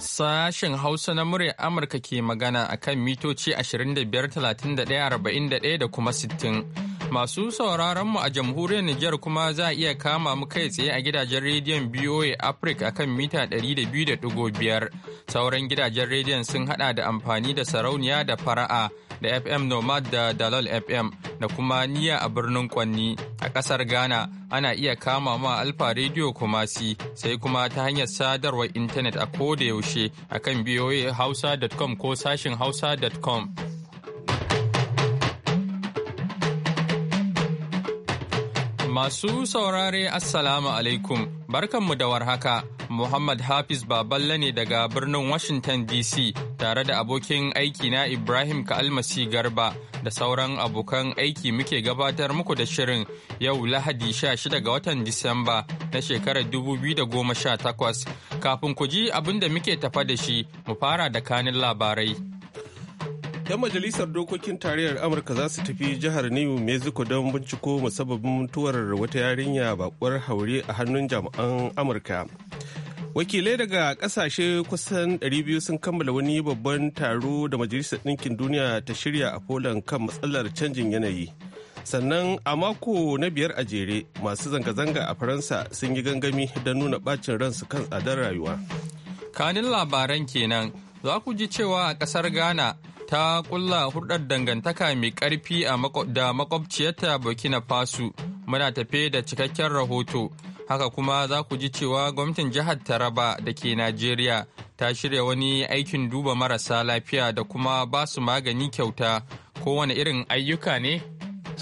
Sashen Hausa na muryar Amurka ke magana a kan mitoci 25, 31, 41 da kuma 60. Masu sauraron mu a jamhuriyar Nijar kuma za a iya kama mu kai tsaye a gidajen rediyon BOA Africa akan mita 200.5. Sauran gidajen rediyon sun hada da amfani da sarauniya da fara'a da FM Nomad da Dalol FM da kuma niya a birnin Kwanni a kasar Ghana ana iya kama a Alfa Radio Kumasi sai kuma ta hanyar sadarwar intanet a koda yaushe akan BOA Hausa.com ko sashin Hausa.com. Masu saurare Assalamu alaikum, barkanmu da warhaka. Muhammad Hafiz Baballe ne daga birnin Washington DC tare da abokin aiki na Ibrahim Ka'almasi Garba da sauran abokan aiki muke gabatar muku da shirin yau Lahadi 16 ga watan Disamba na shekarar 2018. Kafin ku ji abin da muke tafa da shi, mu fara da kanin labarai. 'Yan majalisar dokokin tarayyar Amurka za su tafi jihar New Mexico don binciko musabbabin mutuwar wata yarinya bakwar haure a hannun jami'an Amurka. Wakilai daga kasashe kusan 200 sun kammala wani babban taro da Majalisar Ɗinkin Duniya ta shirya a Poland kan matsalar canjin yanayi. sannan a mako na biyar a jere masu zanga-zanga a faransa sun yi gangami don nuna bacin ransu kan tsadar rayuwa kanin labaran kenan za ku ji cewa a kasar ghana ta kulla hurɗar dangantaka mai ƙarfi da makwabciyarta burkina faso muna tafe da cikakken rahoto haka kuma za ku ji cewa gwamnatin jihar taraba da ke najeriya ta shirya wani aikin duba marasa lafiya da kuma ba su magani kyauta kowane irin ayyuka ne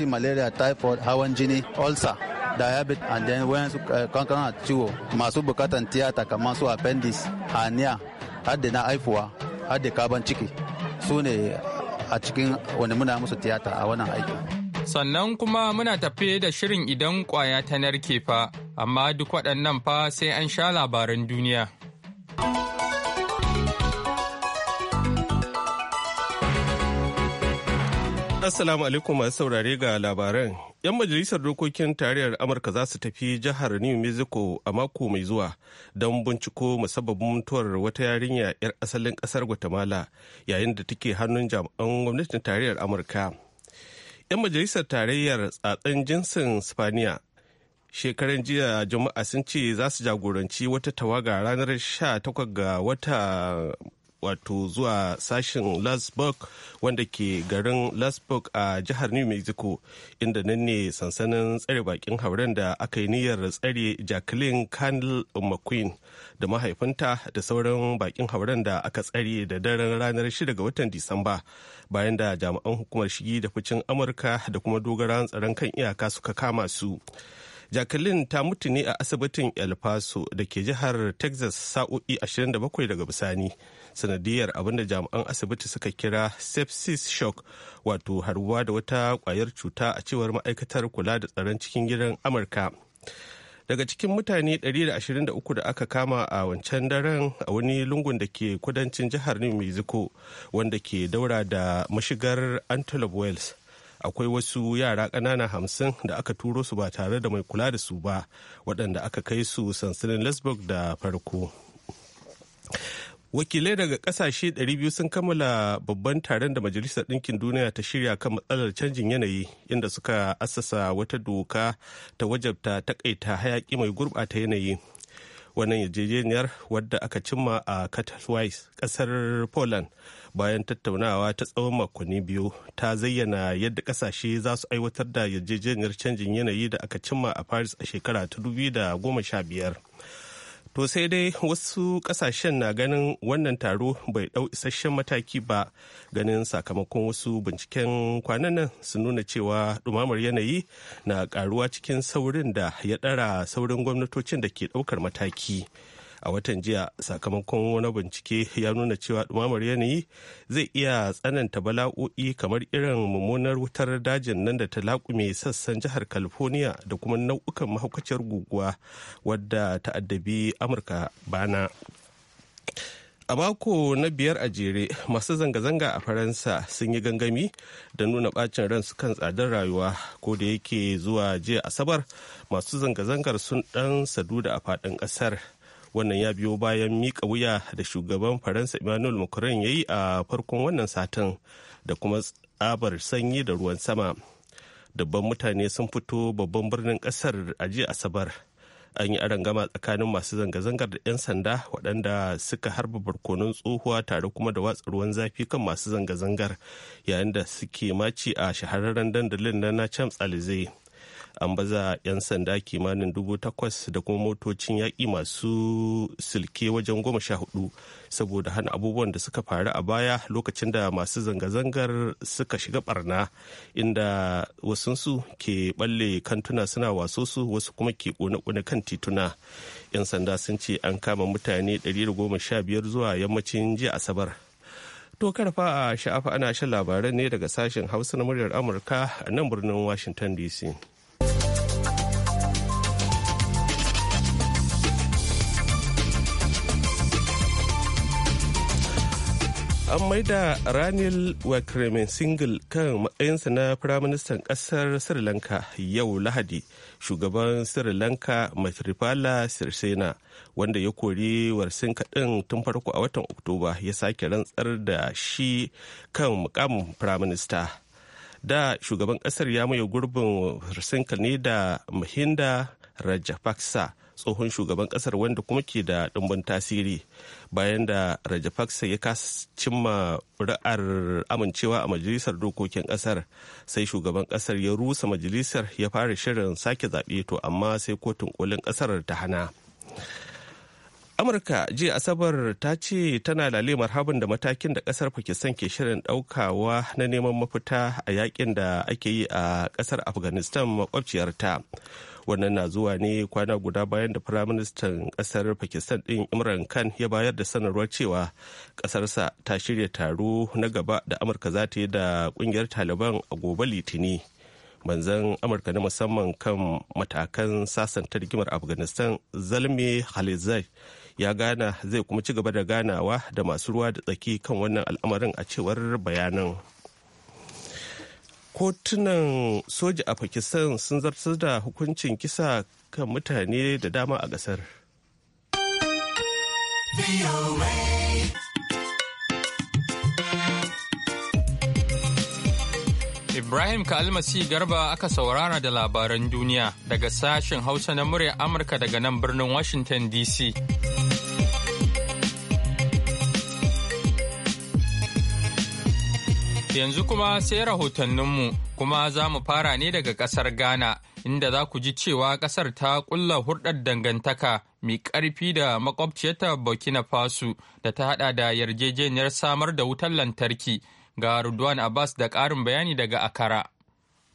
malaria typhoid hawan jini ulcer diabetes and then wayansu eh, kankana ciwo masu bukatan tiyata kamar su appendix hernia har da na haifuwa har da kaban ciki su ne a cikin wani muna musu tiyata a wannan aiki. Sannan kuma muna tafe da shirin idan kwaya ta narke fa, amma duk waɗannan fa sai an sha labaran duniya. Assalamu alaikum masu saurare ga labaran. 'Yan majalisar dokokin tarayyar Amurka za su tafi jihar New Mexico a mako mai zuwa don binciko musabbabin mutuwar wata yarinya 'yar asalin kasar Guatemala yayin da take hannun jami'an gwamnatin tarayyar Amurka. 'Yan majalisar tarayyar tsatsen jinsin Spaniya shekaran jiya juma'a sun ce za su jagoranci wata tawaga ranar 18 ga wata wato zuwa sashen Lasburg wanda ke garin Lasburg a jihar New Mexico inda nan ne sansanin tsare bakin hauren da aka yi niyyar tsare Jacqueline Candle McQueen da mahaifinta da sauran bakin hauren da aka tsare da daren ranar 6 ga watan Disamba bayan da jami'an hukumar shigi da ficin Amurka da kuma dogaran tsaron kan iyaka suka kama su. Jacqueline ta mutu ne a asibitin El Paso da ke jihar Texas sa'o'i 27 daga bisani. sanadiyar da jami'an asibiti suka kira sepsis shock wato harbuwa da wata kwayar cuta a cewar ma'aikatar kula da tsaron cikin gidan amurka daga cikin mutane 123 da aka kama a wancan daren a wani lungun da ke kudancin jihar new mexico wanda ke daura da mashigar antelope wells akwai wasu yara ƙanana hamsin da aka turo su ba tare da mai kula da su ba waɗanda aka kai su sansanin lesbos da farko. wakilai daga kasashe 200 sun kammala babban taron da majalisar ɗinkin duniya ta shirya kan matsalar canjin yanayi inda suka assasa wata doka ta wajabta takaita hayaki mai gurɓata yanayi wannan yarjejeniyar wadda aka cimma a katowice kasar poland bayan tattaunawa ta tsawon makonni biyu ta zayyana yadda kasashe za su aiwatar da yarjejeniyar canjin yanayi da aka cimma a paris a shekara ta 2015 To sai dai wasu kasashen na ganin wannan taro bai ɗau isasshen mataki ba ganin sakamakon wasu binciken kwanan nan su nuna cewa ɗumamar yanayi na ƙaruwa cikin saurin da ya ɗara saurin gwamnatocin da ke ɗaukar mataki. a watan jiya sakamakon wani bincike ya nuna cewa ɗumamar yanayi zai iya tsananta bala'o'i kamar irin mummunar wutar dajin nan da ta laƙume sassan jihar california da kuma nau'ukan mahaukaciyar guguwa wadda ta addabi amurka bana a mako na biyar a jere masu zanga-zanga a faransa sun yi gangami da nuna bacin ransu kan tsadar rayuwa ko da yake zuwa jiya asabar masu zanga-zangar sun dan saduda a faɗin ƙasar wannan ya biyo bayan mika wuya da shugaban faransa emmanuel macron ya yi a farkon wannan satin da kuma tsabar sanyi da ruwan sama dabban mutane sun fito babban birnin kasar a jiya asabar an yi gama tsakanin masu zanga-zangar da 'yan sanda waɗanda suka harba barkonon tsohuwa tare kuma da watsa ruwan zafi kan masu zanga-zangar yayin da suke maci a shahararren dandalin na champs elysees an baza 'yan sanda kimanin dubu takwas da kuma motocin yaƙi masu silke wajen goma sha hudu saboda hana abubuwan da suka faru a baya lokacin da masu zanga-zangar suka shiga barna inda wasunsu ke balle kantuna suna waso su wasu kuma ke kone-kone kan tituna 'yan sanda sun ce an kama mutane goma sha biyar zuwa yammacin jiya asabar To karfa a sha'afa ana shan labaran ne daga sashen Hausa na muryar Amurka a nan birnin Washington DC. an maida ranil single kan matsayinsa na firaministan ƙasar sri lanka yau lahadi shugaban sri lanka maithripala sirsena wanda ya kori warsin kaɗin tun farko a watan oktoba ya sake rantsar da shi kan mukamin firaminista da shugaban ƙasar ya maye gurbin warsinka ne da mahinda rajapaksa tsohon shugaban kasar wanda kuma ke da ɗumbin tasiri bayan da rajafaksa ya cimma ra'ar amincewa a majalisar dokokin kasar sai shugaban kasar ya rusa majalisar ya fara shirin sake zaɓe to amma sai kotun kolin kasar ta hana amurka jiya asabar ta ce tana lale marhabin da matakin da kasar pakistan ke shirin daukawa na neman mafita a yakin da ake yi a kasar afghanistan makwabciyarta wannan na zuwa ne kwana guda bayan da firaministan ƙasar pakistan ɗin imran khan ya bayar da sanarwar cewa ƙasarsa ta shirya taro na gaba da amurka za ta yi da ƙungiyar taliban a gobe litini manzan amurka na musamman kan matakan sasanta rigimar afghanistan zalmi halizai ya gana zai kuma ci gaba da ganawa da masu ruwa da tsaki kan wannan al'amarin a cewar bayanan. kotunan soja a pakistan sun zartar da hukuncin kisa kan mutane da dama a ƙasar. Ibrahim Kalmasi Garba aka saurara da labaran duniya daga sashen Hausa na murya Amurka daga nan birnin Washington DC. Yanzu kuma sai rahotanninmu kuma za mu fara ne daga ƙasar Ghana inda za ku ji cewa ƙasar ta ƙulla hurɗar dangantaka mai ƙarfi da makwabciyarta Burkina Faso da ta haɗa da yarjejeniyar samar da wutar lantarki ga Rudwan Abbas da ƙarin bayani daga Akara.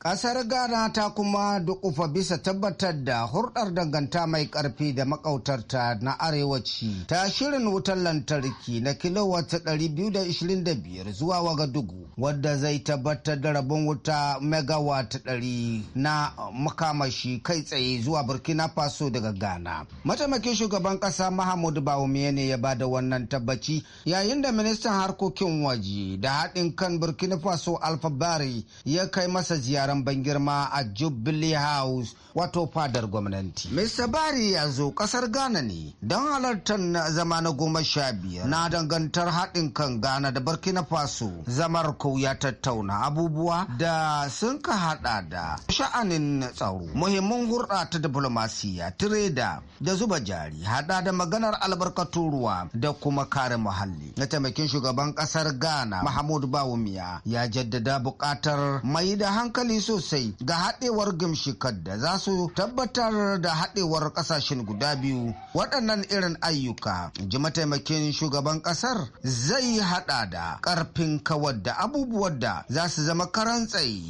Ƙasar Ghana ta kuma dukufa bisa tabbatar da hurɗar danganta mai ƙarfi da makautarta na arewaci ta shirin wutar lantarki na kilowata 225 zuwa Wagadugu wadda zai tabbatar da rabin wuta megawat 100 na makamashi kai tsaye zuwa Burkina Faso daga Ghana. Mataimakin shugaban ƙasa Mahamud Baume ne ya bada wannan tabbaci yayin da ministan harkokin waje da haɗin kan Burkina Faso Alfa Bari ya kai masa ziyara taron ban girma a Jubilee House wato fadar gwamnati. Mr. Bari ya zo kasar Ghana ne don halartar zama na goma sha biyar na dangantar haɗin kan Ghana da Burkina Faso. Zamar ya tattauna abubuwa da sun ka haɗa da sha'anin tsaro, muhimmin hurɗa ta diplomasiya, tireda da zuba jari, haɗa da maganar albarkatun ruwa da kuma kare muhalli. Na taimakin shugaban ƙasar Ghana Mahmud Bawumia ya jaddada buƙatar mai da hankali kokari sosai ga haɗewar gimshikar da za su tabbatar da haɗewar ƙasashen guda biyu waɗannan irin ayyuka ji mataimakin shugaban ƙasar zai haɗa da ƙarfin kawar da abubuwan da za su zama karan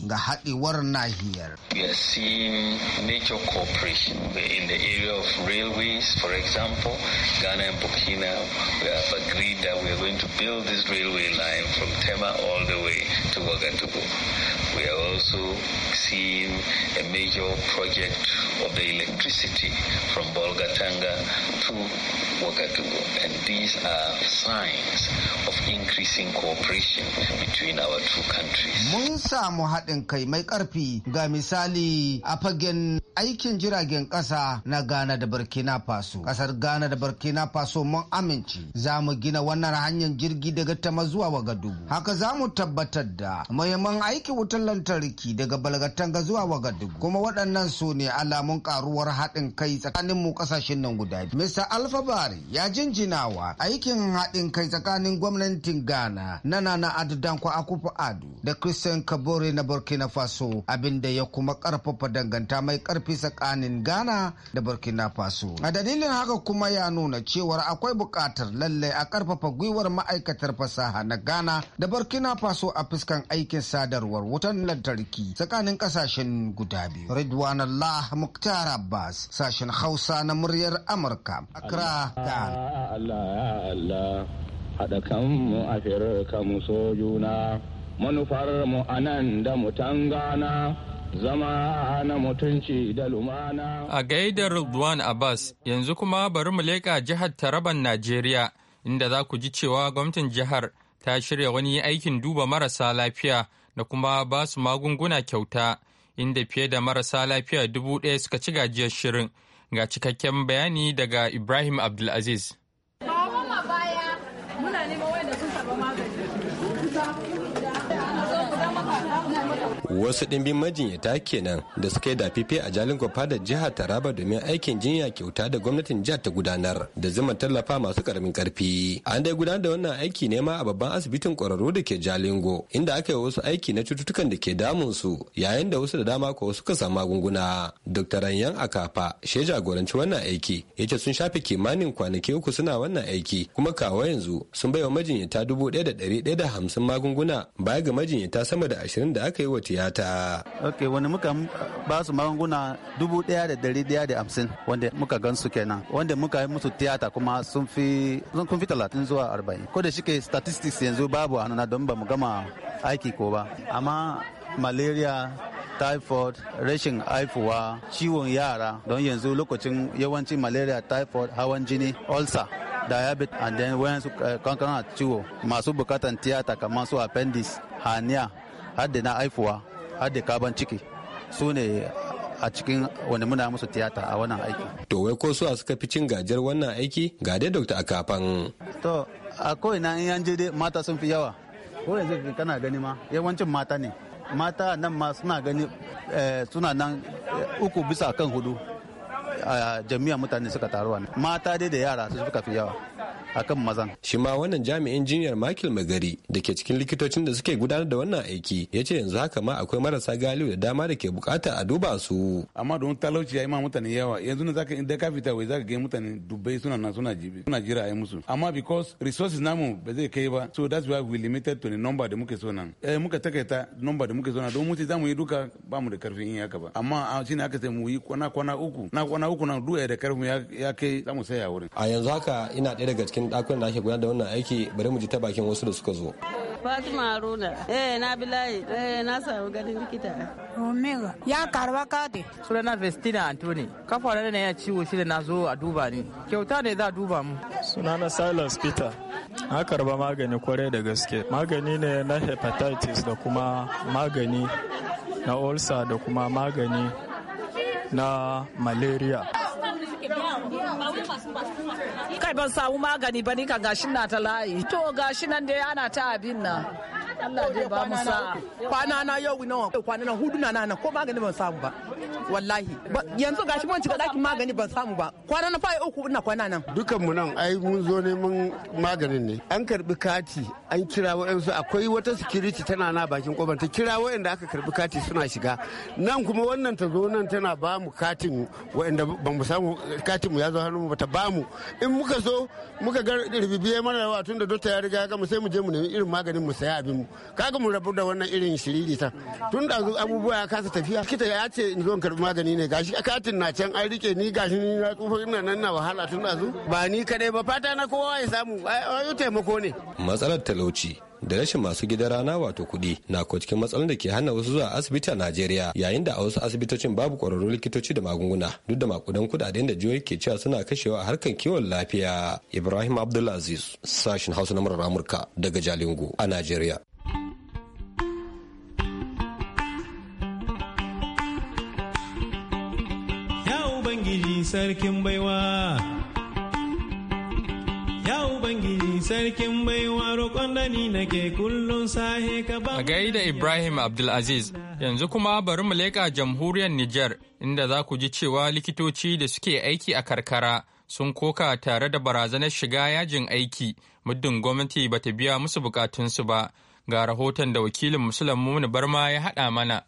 ga haɗewar nahiyar. We are seeing major cooperation in a area of railways, for example, Ghana and Burkina, we seeing a major project of the electricity from Bolgatanga to Ouagadougou. And these are signs of increasing cooperation between our two countries. aikin jiragen kasa na Ghana da Burkina Faso. kasar Ghana da Burkina Faso mun amince za mu gina wannan hanyar jirgi daga Tama zuwa Wagadugu. Haka za mu tabbatar da muhimman aikin wutar lantarki daga Balgatanga zuwa Wagadugu. Kuma waɗannan su ne alamun karuwar haɗin kai tsakanin mu ƙasashen nan guda biyu. Mr. Alfabari ya jinjinawa aikin haɗin kai tsakanin gwamnatin Ghana na Nana Adu Danko Akufu Ado da Christian Kabore na Burkina Faso abinda ya kuma ƙarfafa danganta mai ƙarfi tafi tsakanin ghana da burkina faso a dalilin haka kuma ya nuna cewar akwai buƙatar lallai a ƙarfafa gwiwar ma'aikatar fasaha na ghana da burkina faso a fuskan aikin sadarwar wutan lantarki tsakanin ƙasashen guda biyu ridwan allah muktar abbas sashen hausa na muryar amurka accra ghana allah kanmu a mu so juna manufar mu anan da mu gana. zama na mutunci da lumana. A gaidar Rudwan Abbas yanzu kuma bari mu leƙa jihar Taraban Najeriya inda za ku ji cewa gwamnatin jihar ta shirya wani aikin duba marasa lafiya da kuma ba su magunguna kyauta inda fiye da marasa lafiya dubu ɗaya suka ci gajiyar shirin ga cikakken bayani daga Ibrahim Abdulaziz. Wasu wasu ɗimbin majinyata kenan da suka yi dafife a jalin da jihar taraba domin aikin jinya kyauta da gwamnatin jihar ta gudanar da zuma tallafa masu karamin karfi an dai gudanar da wannan aiki ne ma a babban asibitin kwararru da ke jalingo inda aka yi wasu aiki na cututtukan da ke damun su yayin da wasu da dama ko suka samu magunguna dr ranyan akafa shi jagoranci wannan aiki yace sun shafe kimanin kwanaki uku suna wannan aiki kuma kawo yanzu sun bai baiwa majinyata dubu ɗaya da ɗari ɗaya da hamsin magunguna baya ga majinyata sama da ashirin da aka yi wa tiyata. ok wani muka ba su magunguna dubu ɗaya da ɗari ɗaya da hamsin wanda muka gan su kenan wanda muka yi musu tiyata kuma sun fi sun fi talatin zuwa arba'in ko da shike statistics yanzu babu a nuna don ba mu gama aiki ko ba amma malaria typhoid rashin haifuwa ciwon yara don yanzu lokacin yawancin malaria typhoid hawan jini ulcer diabetes and then wayansu eh, kankana ciwo masu bukatan tiyata kamar su appendix hania har da na haifuwa har da kaban ciki su ne a cikin wani muna musu tiyata a wannan aiki. To wai ko su a suka fi cin gajiyar wannan aiki ga dai dokta akafan. To a na in yan je dai mata sun fi yawa ko yanzu kana gani ma yawancin mata ne mata nan ma suna gani eh, suna nan eh, uku bisa kan hudu jami'a mutane suka taruwa mata dai da yara su suka fi yawa akan mazan. Shi ma wannan jami'in jinyar Michael Magari da ke cikin likitocin da suke gudanar da wannan aiki ya ce yanzu haka ma akwai marasa galiu da dama da ke bukata a duba su. Amma don talauci ya yi ma mutane yawa yanzu ne zaka idan ka fita wai zaka ga mutane dubbai suna na suna jibi suna jira a yi musu. Amma because resources namu ba zai kai ba so that's why we limited to the number da muke so nan. Eh muka takaita number da muke so nan don mu ce za mu yi duka ba mu da karfin yin haka ba. Amma ah, shi ne aka ce mu yi kwana kwana uku na kwana uku nan duka da karfin ya kai za mu saya wurin. A yanzu haka ina ɗaya daga cikin cikin ɗakunan da ake gudanar da wannan aiki bari mu ji ta bakin wasu da suka zo Fatima Haruna. Eh, na bilayi. Eh, na samu ganin likita. Omega. Ya karba kati. Sunana Festina Antoni. Kafa na ya ciwo shi da na zo a duba ni. Kyauta ne za a duba mu. Suna na Silas Peter. Na karba magani kwarai da gaske. Magani ne na hepatitis da kuma magani na ulcer da kuma magani na malaria. kai ban samu magani ba ni kan gashin na ta layi to gashi nan dai ana ta abin na. Allah zai ba mu sa'a kwana na yau nawa kwana na hudu na nan ko magani ban samu ba wallahi yanzu gashi mun cika dakin magani ban samu ba kwana na fa'i uku ina kwana nan dukan mu nan ai mun zo mun maganin ne an karbi kati an kira wayansu akwai wata security tana na bakin kofar ta kira wayanda aka karbi kati suna shiga nan kuma wannan ta zo nan tana ba mu katin wayanda ba mu samu katin mu ya zo hannu ba ta ba mu in muka zo muka ga ribibiye mara yawa tun da dota ya riga ya mu sai mu je mu nemi irin maganin mu saya abin mu kaga mu rabu da wannan irin shiriri ta tun da abubuwa ya kasa tafiya kita ya ce in zo karbi magani ne gashi katin na can an rike ni gashi ni na tsufa ina nan na wahala tun da ba ni kadai ba fata na kowa ya samu ayo taimako ne matsalar talauci da rashin masu gida rana wato kuɗi na ko cikin matsalar da ke hana wasu zuwa asibiti a Najeriya yayin da a wasu asibitocin babu ƙwararrun likitoci da magunguna duk da makudan kudaden da jihohi ke cewa suna kashewa a harkar kiwon lafiya Ibrahim Abdulaziz sashin Hausa na murar Amurka daga Jalingo a Najeriya sarkin baiwa. Ya Ubangiji sarkin baiwa roƙon da ni nake kullum sahe ka ba. A gaida Ibrahim Abdulaziz, yanzu kuma bari mu leƙa jamhuriyar Nijar inda za ku ji cewa likitoci da suke aiki a karkara sun koka tare da barazanar shiga yajin aiki muddin gwamnati ba ta biya musu bukatunsu ba. Ga rahoton da wakilin Musulun muni Barma ya haɗa mana.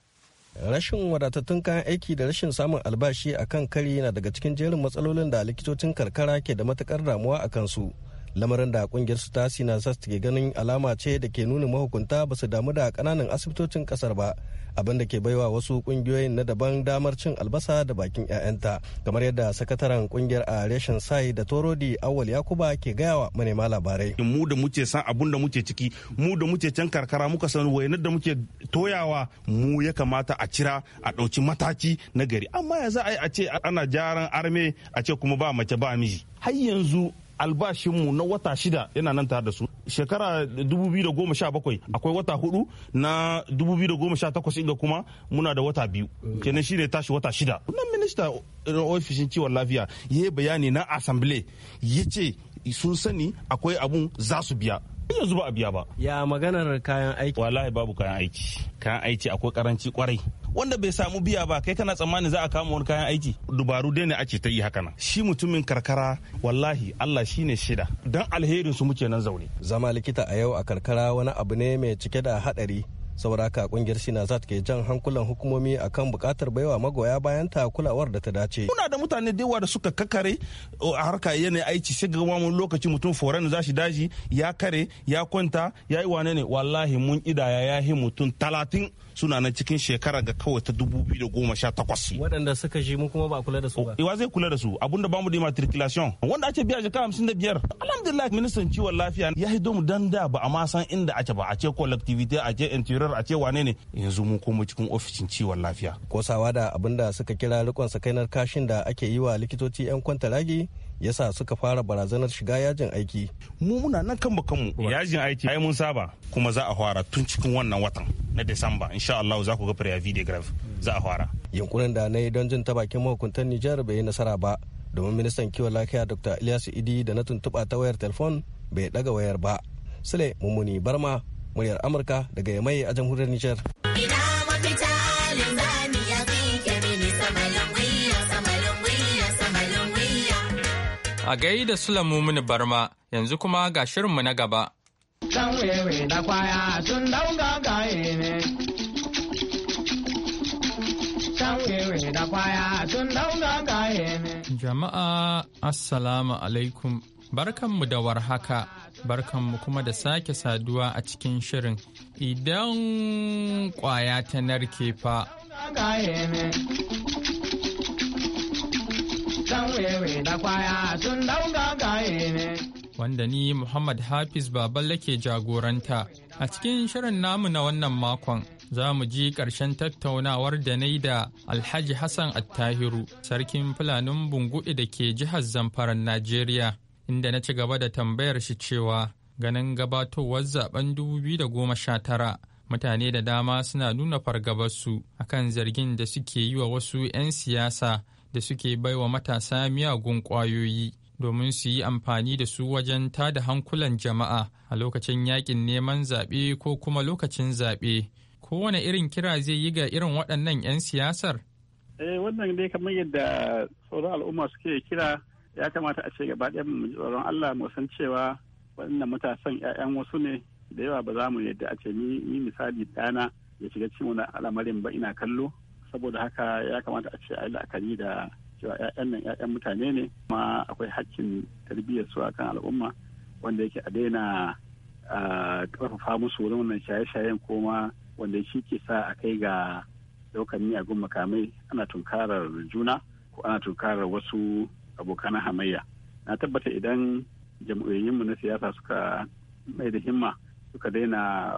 rashin wadatattun kayan aiki da rashin samun albashi a kan kari na daga cikin jerin matsalolin da likitocin karkara ke da matukar damuwa a kansu lamarin da kungiyar su ta sinasas ke ganin alama ce da ke nuna mahukunta ba su damu da kananan asibitocin kasar ba abin da ke baiwa wasu kungiyoyin na daban damar cin albasa da bakin 'ya'yanta kamar yadda sakataren kungiyar a reshen sai da torodi awal yakuba ke gaya wa manema labarai mu da muke san abun da muke ciki mu da muke can karkara muka san wayanar da muke toyawa mu ya kamata a cira a ɗauki mataki na gari amma ya za a yi a ce ana jaran arme a ce kuma ba mace ba miji har yanzu albashinmu na wata shida yana nan tare da su shekara 2017 akwai wata hudu na 2018 inda kuma muna da wata biyu kenan shi ne tashi wata shida nan minista eh, ofishin ciwon lafiya ya yi bayani na asambile ya ce sun sani akwai abun za su biya yanzu ba a biya ba ya maganar kayan aiki wallahi babu kayan aiki kayan aiki akwai karanci kwarai wanda bai samu biya ba kai kana tsammani za a kama wani kayan aiki dubaru dai ne ake ta yi haka shi mutumin karkara wallahi Allah shine shida dan alherin su muke nan zaune zama likita a yau a karkara wani abu ne mai cike da hadari saboda haka kungiyar sinazat ke jan hankulan hukumomi akan bukatar baiwa magoya bayan ta kulawar da ta dace muna da mutane da yawa da suka kakare a harka yanayi aiki sai ga wani lokaci mutum foren za shi daji ya kare ya kwanta ya yi wane ne wallahi mun idaya ya yi mutum talatin suna nan cikin shekara ga kawai ta 2018 waɗanda suka shi mu kuma ba kula da su ba iwa zai kula da su abinda bamu da matriculation wanda ake biya jaka biyar. alhamdulillah ministan ciwon lafiya ya hido mu dan da ba a ma san inda ake ba a ce collectivity a ce interior a ce wane ne yanzu mu kuma cikin ofishin ciwon lafiya kosawa da abinda suka kira rikon sakainar kashin da ake yi wa likitoci yan kwanta ragi. yasa suka fara barazanar shiga yajin aiki mu muna nan kan bakan mu yajin aiki ai mun saba kuma za a fara tun cikin wannan watan na Desamba insha Allah za ku ga preavi de grave za a fara yunkurin da na don jin ta bakin mahukuntan Nijar bai yi nasara ba domin ministan kiwon lafiya Dr. Ilyasu Idi da na tuntuɓa ta wayar telefon bai daga wayar ba Sule Mummuni Barma muryar Amurka daga Yamai a jamhuriyar Nijar. A gai da Sulamu Mini Barma, yanzu kuma ga shirinmu na gaba. Jama'a Assalamu alaikum. Barkanmu da warhaka, barkanmu kuma da sake saduwa a cikin shirin. Idan kwaya ta narke fa. Eh. Wanda ni Muhammad Hafiz Baballe ke jagoranta a cikin shirin namu na wannan makon. Za mu ji ƙarshen tattaunawar da na yi da Alhaji Hassan Attahiru, sarkin Fulanin Bunguɗi da ke jihar Zamfaran Najeriya, inda na ci gaba da tambayar shi cewa ganin gabatowar zaben tara mutane da dama suna nuna fargabarsu akan zargin da suke yi wa wasu 'yan siyasa da suke baiwa matasa miyagun ƙwayoyi domin su yi amfani da su wajen tada hankulan jama'a a lokacin yakin neman zaɓe ko kuma lokacin zaɓe. Kowane irin kira zai yi ga irin waɗannan 'yan siyasar? Eh, wannan dai kamar yadda tsoron al'umma suke kira ya kamata a ce gaba ɗaya mu tsoron Allah mu san cewa waɗannan matasan 'ya'yan wasu ne da yawa ba za mu yadda a ce ni misali ɗana ya shiga cin wani al'amarin ba ina kallo saboda haka ya kamata a ce a yi la'akari da cewa 'ya'yan nan 'ya'yan mutane ne kuma akwai hakkin tarbiyyar su akan al'umma wanda yake a daina ƙarfafa musu wurin wannan shaye-shayen koma wanda shi ke sa a kai ga a miyagun makamai ana tunkarar juna ko ana tunkarar wasu abokan hamayya na tabbata idan jam'iyyunmu na siyasa suka mai da himma suka daina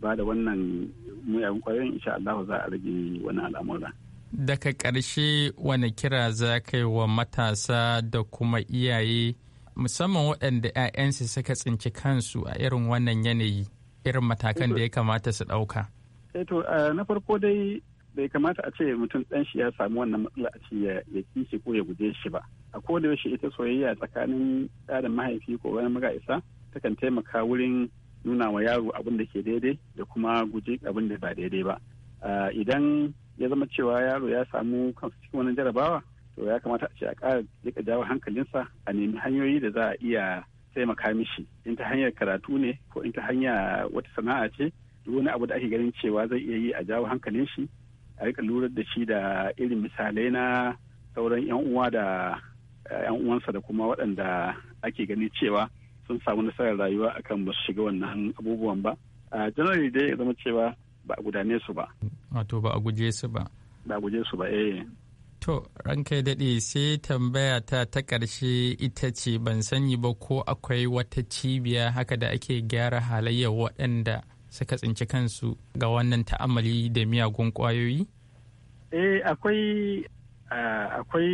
ba da wannan muyagun kwayoyin insha Allah za a rage wani al'amura. Daga ƙarshe wani kira za ka yi wa matasa da kuma iyaye musamman waɗanda 'ya'yansu suka tsinci kansu a irin wannan yanayi irin matakan da ya kamata su ɗauka. Eto eh na farko dai bai kamata a ce mutum ɗan shi ya samu wannan matsala a ce ya kishi ko ya guje shi ba. A koda yaushe ita soyayya tsakanin ɗa mahaifi ko wani muga isa takan taimaka wurin nuna wa yaro abin da ke daidai da kuma guji abin da ba daidai ba ah, idan ya zama cewa yaro ya samu kansa cikin wani jarabawa to ya kamata a ce a ƙara rika jawo hankalinsa a nemi hanyoyi da za a iya taimaka mishi in ta hanyar karatu ne ko in ta hanya wata sana'a ce duk wani abu da ake ganin cewa zai iya yi a jawo hankalin shi a rika lura da shi da irin misalai na sauran yan uwa da yan eh, uwansa da kuma waɗanda ake ganin cewa sun samu nasarar rayuwa akan ba su shiga wannan abubuwan ba a janarari dai ya zama cewa ba a gudane su ba wato ba a guje su ba ba a guje su ba eh to ranka daɗe sai tambaya ta ta ƙarshe ita ce ban sani ba ko akwai wata cibiya haka da ake gyara halayya waɗanda suka tsinci kansu ga wannan ta'amali da miyagun ƙwayoyi eh akwai akwai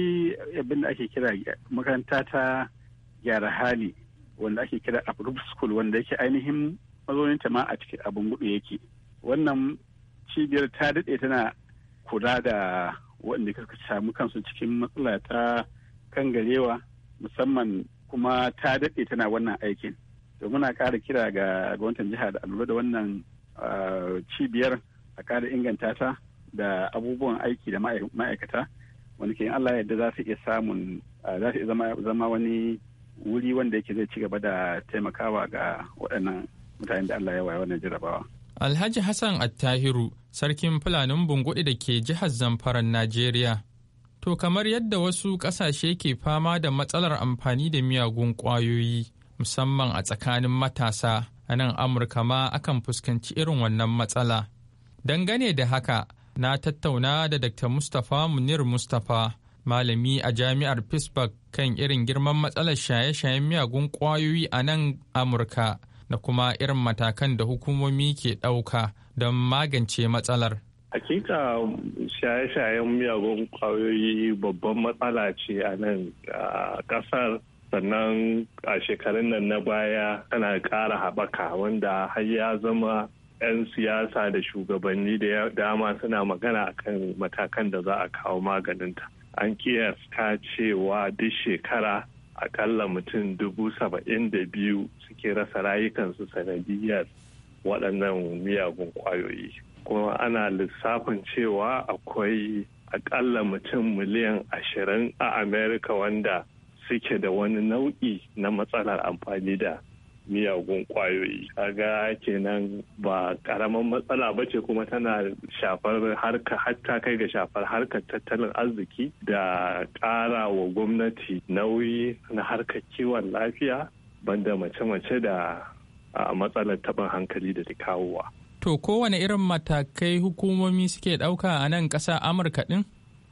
abin da ake kira makaranta ta gyara hali wanda ake kira group school wanda yake ainihin mazauninta ma a cikin abin gudu yake wannan cibiyar ta daɗe tana kula da waɗanda suka samu kansu cikin matsala ta kangarewa musamman kuma ta daɗe tana wannan aikin to muna ƙara kira ga gwamnatin jiha da alura da wannan cibiyar a ƙara inganta ta da abubuwan aiki da ma'aikata wani ke Allah yadda za su iya samun za su iya zama wani wuri wanda yake zai ci gaba da taimakawa ga waɗannan mutanen da Allah ya waye wannan jarabawa. Alhaji Hassan Attahiru, sarkin Fulanin bungudi da ke jihar Zamfara Najeriya. To kamar yadda wasu ƙasashe ke fama da matsalar amfani da miyagun ƙwayoyi, musamman a tsakanin matasa, a nan Amurka ma akan fuskanci irin wannan matsala. Dangane da haka, na tattauna da Dr. Mustapha Munir Mustapha. malami a jami'ar pittsburgh kan irin girman matsalar shaye-shayen miyagun ƙwayoyi a nan amurka da kuma irin matakan da hukumomi ke ɗauka don magance matsalar hakika shaye-shayen miyagun ƙwayoyi babban matsala ce a nan ƙasar sannan a shekarun nan na baya tana ƙara haɓaka wanda har ya zama 'yan siyasa da shugabanni da dama suna magana akan matakan da za a kawo maganinta. an kiyasta cewa duk shekara akalla mutum dubu saba'in da biyu suke rasa rayukansu sanadiyar waɗannan miyagun ƙwayoyi kuma ana lissafin cewa akwai akalla mutum miliyan ashirin a amerika wanda suke da wani nau'i na matsalar amfani da miyagun kwayoyi kaga kenan ba karaman matsala ba ce kuma tana shafar harka hatta kai ga shafar harkar tattalin arziki da ƙara wa gwamnati nauyi na harkar kiwon lafiya banda mace-mace da matsalar taɓin hankali da ta kawowa. To kowane irin matakai hukumomi suke ɗauka a nan ƙasa Amurka ɗin?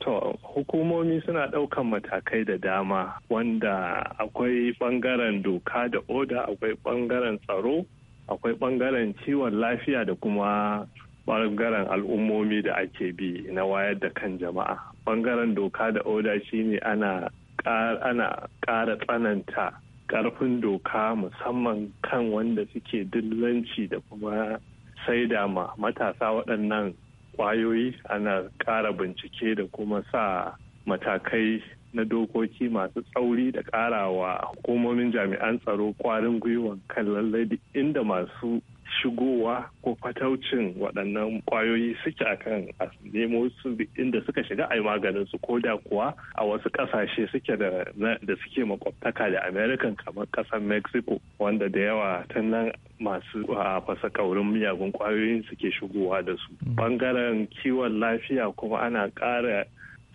To, hukumomi suna ɗaukan matakai da dama wanda akwai ɓangaren doka da oda, akwai ɓangaren tsaro, akwai ɓangaren ciwon lafiya da kuma ɓangaren al'ummomi da ake bi na wayar da kan jama'a. Ɓangaren doka da oda shine ana ana ƙara tsananta ƙarfin doka musamman kan wanda suke dillanci da kuma saida ma matasa waɗannan kwayoyi ana ƙara bincike da kuma sa matakai na dokoki masu tsauri da ƙarawa hukumomin jami'an tsaro kwarin gwiwa kan lallai inda masu shigowa ko fataucin waɗannan ƙwayoyi suke akan a nemo su inda suka shiga a yi maganin ko da kuwa a wasu ƙasashe suke da suke makwabtaka da american kamar ƙasar mexico wanda da yawa ta nan masu fasa kaurin miyagun ƙwayoyin suke shigowa da su mm. bangaren kiwon lafiya kuma ana ƙara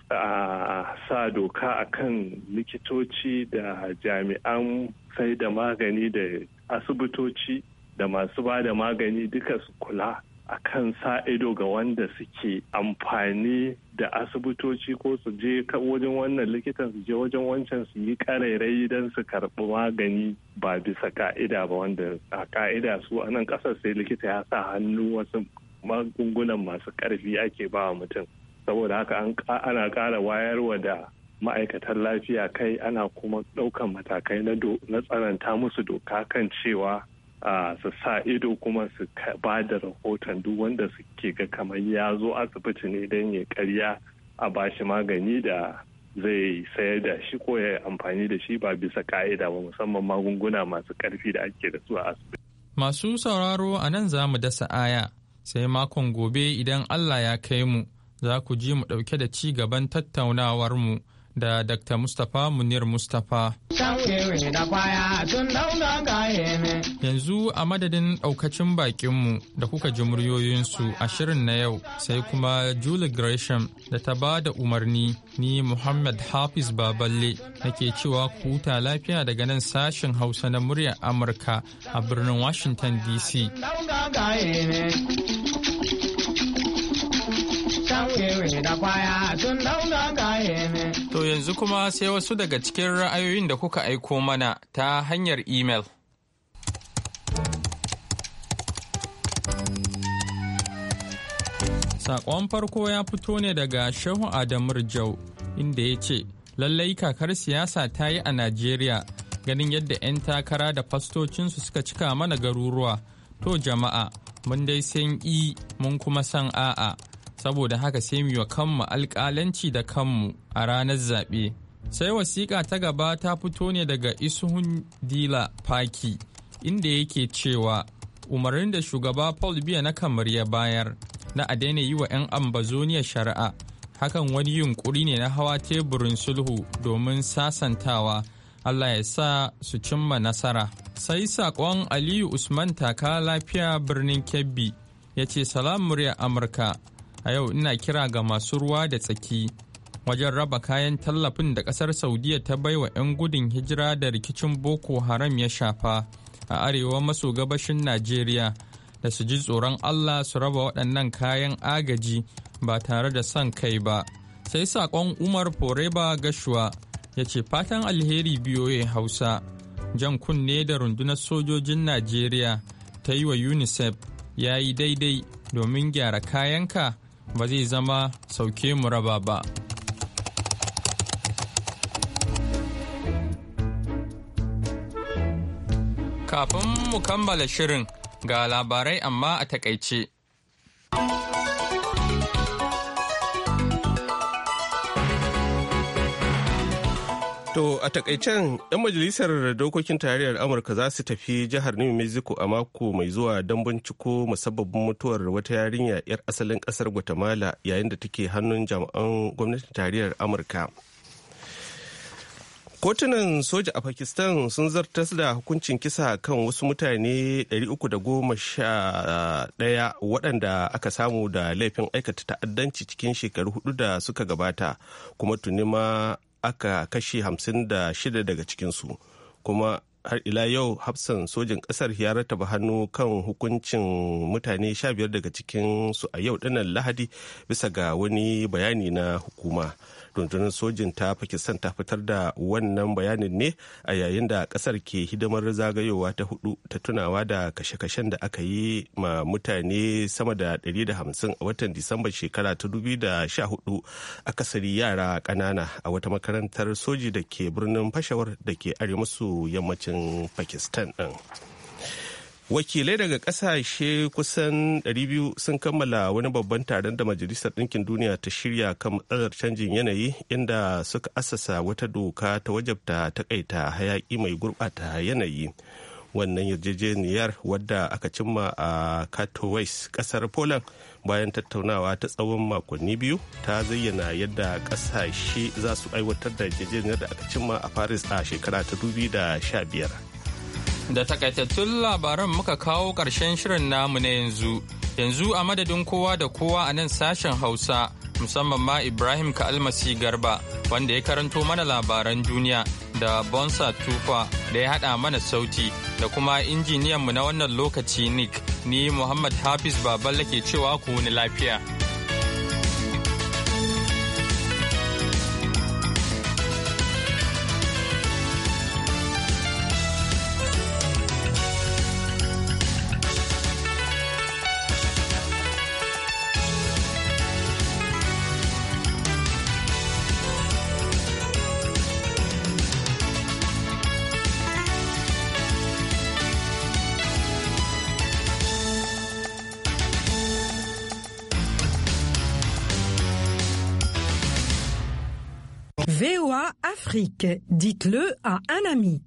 a sa doka akan likitoci da jami'an sai da magani da asibitoci da masu ba da magani duka su kula a kan sa ido ga wanda suke amfani da asibitoci ko su je wajen wannan likitan su je wajen wancan su yi karairai don su karɓi magani ba bisa ka'ida ba wanda a ka'ida su a nan ƙasar sai likita ya sa hannu wasu magungunan masu ƙarfi ake ba wa mutum saboda haka ana ƙara wayarwa da ma'aikatan lafiya kai ana kuma ɗaukan matakai na tsananta musu doka kan cewa su sa ido kuma su ba da rahoton duk wanda suke ga kamar ya zo asibiti ne don ya karya a bashi magani da zai sayar da shi ko ya amfani da shi ba bisa ka'ida ba musamman magunguna masu karfi da ake da su a asibiti. Masu sauraro a nan za mu dasa aya sai makon gobe idan Allah ya kai mu za ku ji mu ɗauke da ci gaban tattaunawar mu. da Dr. Mustapha Munir Mustapha. Yanzu a madadin ɗaukacin bakinmu da kuka ji muryoyinsu a shirin na yau sai kuma Julie Gresham da ta ba da umarni ni Muhammad Hafiz Baballe nake cewa ku huta lafiya daga nan sashen Hausa na muryar Amurka a birnin Washington DC. To yanzu kuma sai wasu daga cikin ra'ayoyin da kuka aiko mana ta hanyar imel. Saƙon farko ya fito ne daga Shehu Adamu Jau inda ya ce, Lallai kakar siyasa ta yi a Najeriya ganin yadda 'yan takara da fastocinsu suka cika mana garuruwa. To jama'a, mun dai san i mun kuma san a'a. saboda haka sai mu yi kanmu alƙalanci da kanmu a ranar zaɓe. Sai wasiƙa ta gaba ta fito ne daga Isuhun Dila paki inda yake cewa umarnin da shugaba Paul Biya na kamar ya bayar na a daina yi wa 'yan ambazoniya shari'a hakan wani yunƙuri ne na hawa teburin sulhu domin sasantawa Allah ya sa su cimma nasara. Sai saƙon Aliyu Usman taka lafiya birnin Kebbi ya ce salam murya Amurka a yau ina kira ga masu ruwa da tsaki wajen raba kayan tallafin da kasar saudiya ta baiwa 'yan gudun hijira da rikicin boko haram ya shafa a arewa maso gabashin najeriya da su ji tsoron allah su raba waɗannan kayan agaji ba tare da son kai ba sai saƙon umar foreba gashuwa ya ce fatan alheri ya hausa jan kunne da rundunar sojojin najeriya ta yi wa unicef ya yi daidai domin gyara kayanka ba zai zama sauke mu raba ba. Kafin mu kammala shirin ga labarai amma a takaice. To a takaicen 'yan majalisar dokokin tarayyar Amurka za su tafi jihar New Mexico a mako mai zuwa don binciko musabbabin mutuwar wata yarinya 'yar asalin kasar Guatemala yayin da take hannun jami'an gwamnatin tarayyar Amurka. Kotunan soja a Pakistan sun zartas da hukuncin kisa kan wasu mutane 311 waɗanda aka samu da laifin aikata ta'addanci cikin shekaru hudu da suka gabata kuma tuni ma aka kashe hamsin 56 daga cikinsu kuma har ila yau hafsan sojin ƙasar ya rataba hannu kan hukuncin mutane 15 daga cikinsu a yau ɗanan lahadi bisa ga wani bayani na hukuma. rundunar sojin ta pakistan ta fitar da wannan bayanin ne a yayin da kasar ke hidimar zagayowa ta hudu ta tunawa da kashe-kashen da aka yi ma mutane sama da 150 a watan disamba shekara ta 2014 akasari yara kanana a wata makarantar soji da ke birnin fashawar da ke arewa maso yammacin pakistan din. wakilai daga kasashe kusan 200 sun kammala wani babban taron da majalisar ɗinkin duniya ta shirya kan matsalar canjin yanayi inda suka asasa wata doka ta wajabta takaita hayaƙi mai gurɓata yanayi wannan yarjejeniyar wadda aka cimma a katowice ƙasar poland bayan tattaunawa ta tsawon makonni biyu ta zayyana yadda ƙasashe za su aiwatar da yarjejeniyar da aka cimma a paris a shekara ta 2015 Da takaitattun labaran muka kawo ƙarshen shirin namu na yanzu. Yanzu a madadin kowa da kowa a nan sashen Hausa, musamman ma Ibrahim Ka'almasi Garba, wanda ya karanto mana labaran duniya da Bonsa Tufa da ya haɗa mana sauti da kuma injiniyanmu na wannan lokaci Nick, ni Muhammad Hafiz Baballe ke cewa ku wani lafiya. dites-le à un ami.